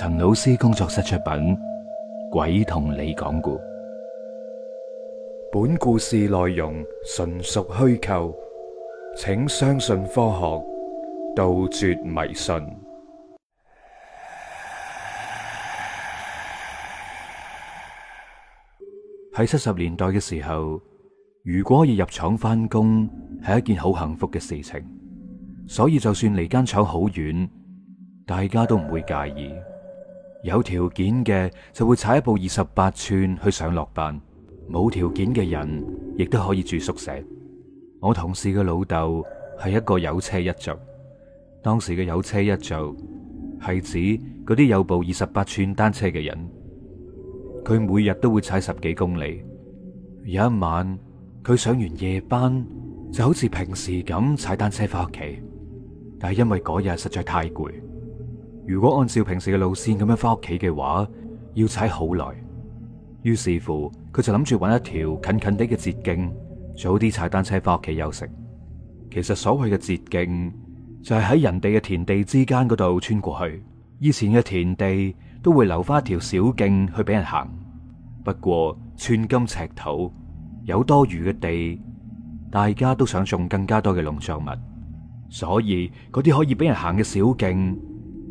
陳老師工作室出品《鬼同你講故》，本故事內容純屬虛構，請相信科學，杜絕迷信。喺七十年代嘅時候，如果可以入廠翻工，係一件好幸福嘅事情，所以就算離間廠好遠，大家都唔會介意。有條件嘅就會踩一部二十八寸去上落班，冇條件嘅人亦都可以住宿舍。我同事嘅老豆係一個有車一族，當時嘅有車一族係指嗰啲有部二十八寸單車嘅人，佢每日都會踩十幾公里。有一晚，佢上完夜班就好似平時咁踩單車翻屋企，但係因為嗰日實在太攰。如果按照平時嘅路線咁樣翻屋企嘅話，要踩好耐。於是乎，佢就諗住揾一條近近啲嘅捷徑，早啲踩單車翻屋企休息。其實所謂嘅捷徑就係喺人哋嘅田地之間嗰度穿過去。以前嘅田地都會留翻一條小徑去俾人行。不過寸金尺土有多餘嘅地，大家都想種更加多嘅農作物，所以嗰啲可以俾人行嘅小徑。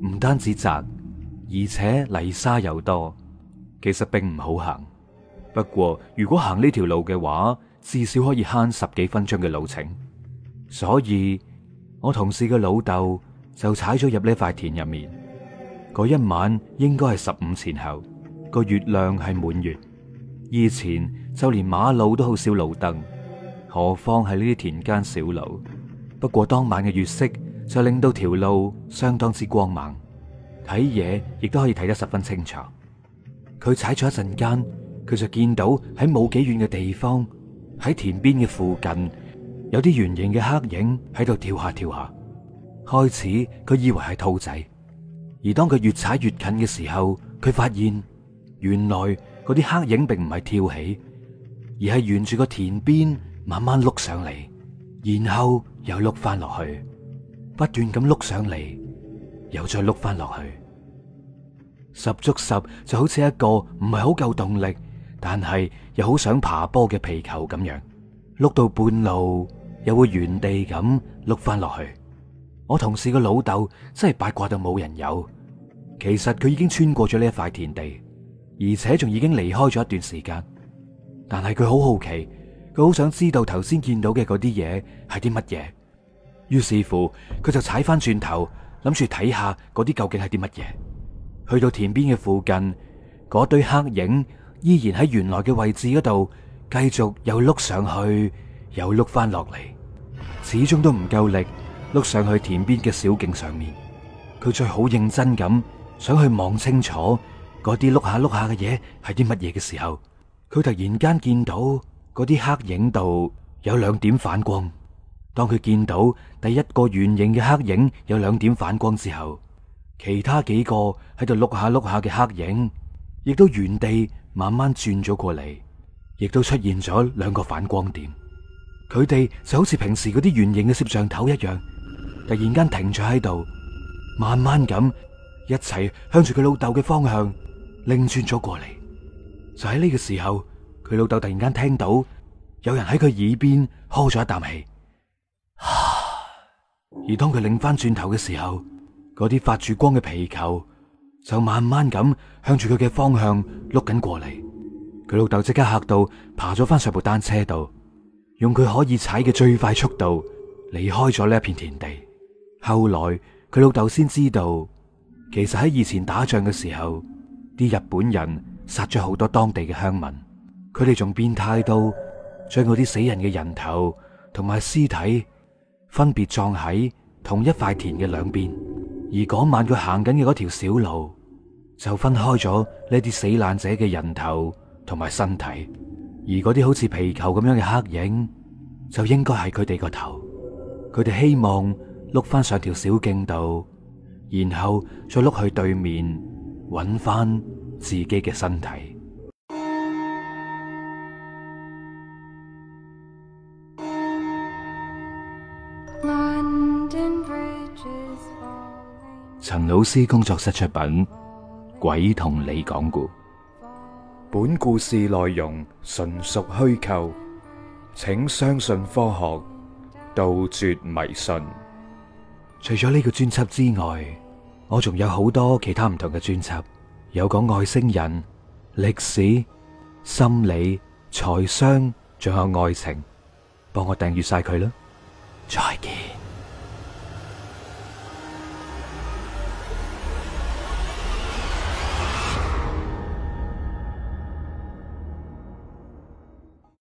唔單止窄，而且泥沙又多，其實並唔好行。不過如果行呢條路嘅話，至少可以慳十幾分鐘嘅路程。所以我同事嘅老豆就踩咗入呢一塊田入面。嗰一晚應該係十五前後，個月亮係滿月，以前就連馬路都好少路燈，何況係呢啲田間小路。不過當晚嘅月色就令到條路相當之光猛，睇嘢，亦都可以睇得十分清楚。佢踩咗一陣間，佢就見到喺冇幾遠嘅地方，喺田邊嘅附近有啲圓形嘅黑影喺度跳下跳下。開始佢以為係兔仔，而當佢越踩越近嘅時候，佢發現原來嗰啲黑影並唔係跳起，而係沿住個田邊慢慢碌上嚟，然後又碌翻落去。不斷咁碌上嚟，又再碌翻落去，十足十就好似一個唔係好夠動力，但係又好想爬坡嘅皮球咁樣，碌到半路又會原地咁碌翻落去。我同事個老豆真係八卦到冇人有，其實佢已經穿過咗呢一塊田地，而且仲已經離開咗一段時間，但係佢好好奇，佢好想知道頭先見到嘅嗰啲嘢係啲乜嘢。於是乎，佢就踩翻轉頭，諗住睇下嗰啲究竟係啲乜嘢。去到田邊嘅附近，嗰堆黑影依然喺原來嘅位置嗰度，繼續又碌上去，又碌翻落嚟，始終都唔夠力碌上去田邊嘅小徑上面。佢再好認真咁想去望清楚嗰啲碌下碌下嘅嘢係啲乜嘢嘅時候，佢突然間見到嗰啲黑影度有兩點反光。當佢見到第一個圓形嘅黑影有兩點反光之後，其他幾個喺度碌下碌下嘅黑影，亦都原地慢慢轉咗過嚟，亦都出現咗兩個反光點。佢哋就好似平時嗰啲圓形嘅攝像頭一樣，突然間停咗喺度，慢慢咁一齊向住佢老豆嘅方向擰轉咗過嚟。就喺呢個時候，佢老豆突然間聽到有人喺佢耳邊呵咗一啖氣。而當佢擰翻轉頭嘅時候，嗰啲發住光嘅皮球就慢慢咁向住佢嘅方向碌緊過嚟。佢老豆即刻嚇到，爬咗翻上部單車度，用佢可以踩嘅最快速度離開咗呢一片田地。後來佢老豆先知道，其實喺以前打仗嘅時候，啲日本人殺咗好多當地嘅鄉民，佢哋仲變態到將嗰啲死人嘅人頭同埋屍體。分別葬喺同一塊田嘅兩邊，而嗰晚佢行緊嘅嗰條小路就分開咗呢啲死難者嘅人頭同埋身體，而嗰啲好似皮球咁樣嘅黑影就應該係佢哋個頭。佢哋希望碌翻上條小徑度，然後再碌去對面揾翻自己嘅身體。陳老師工作室出品，鬼同你講故。本故事內容純屬虛構，請相信科學，杜絕迷信。除咗呢個專輯之外，我仲有好多其他唔同嘅專輯，有講外星人、歷史、心理、財商，仲有愛情。幫我訂閱晒佢啦，再見。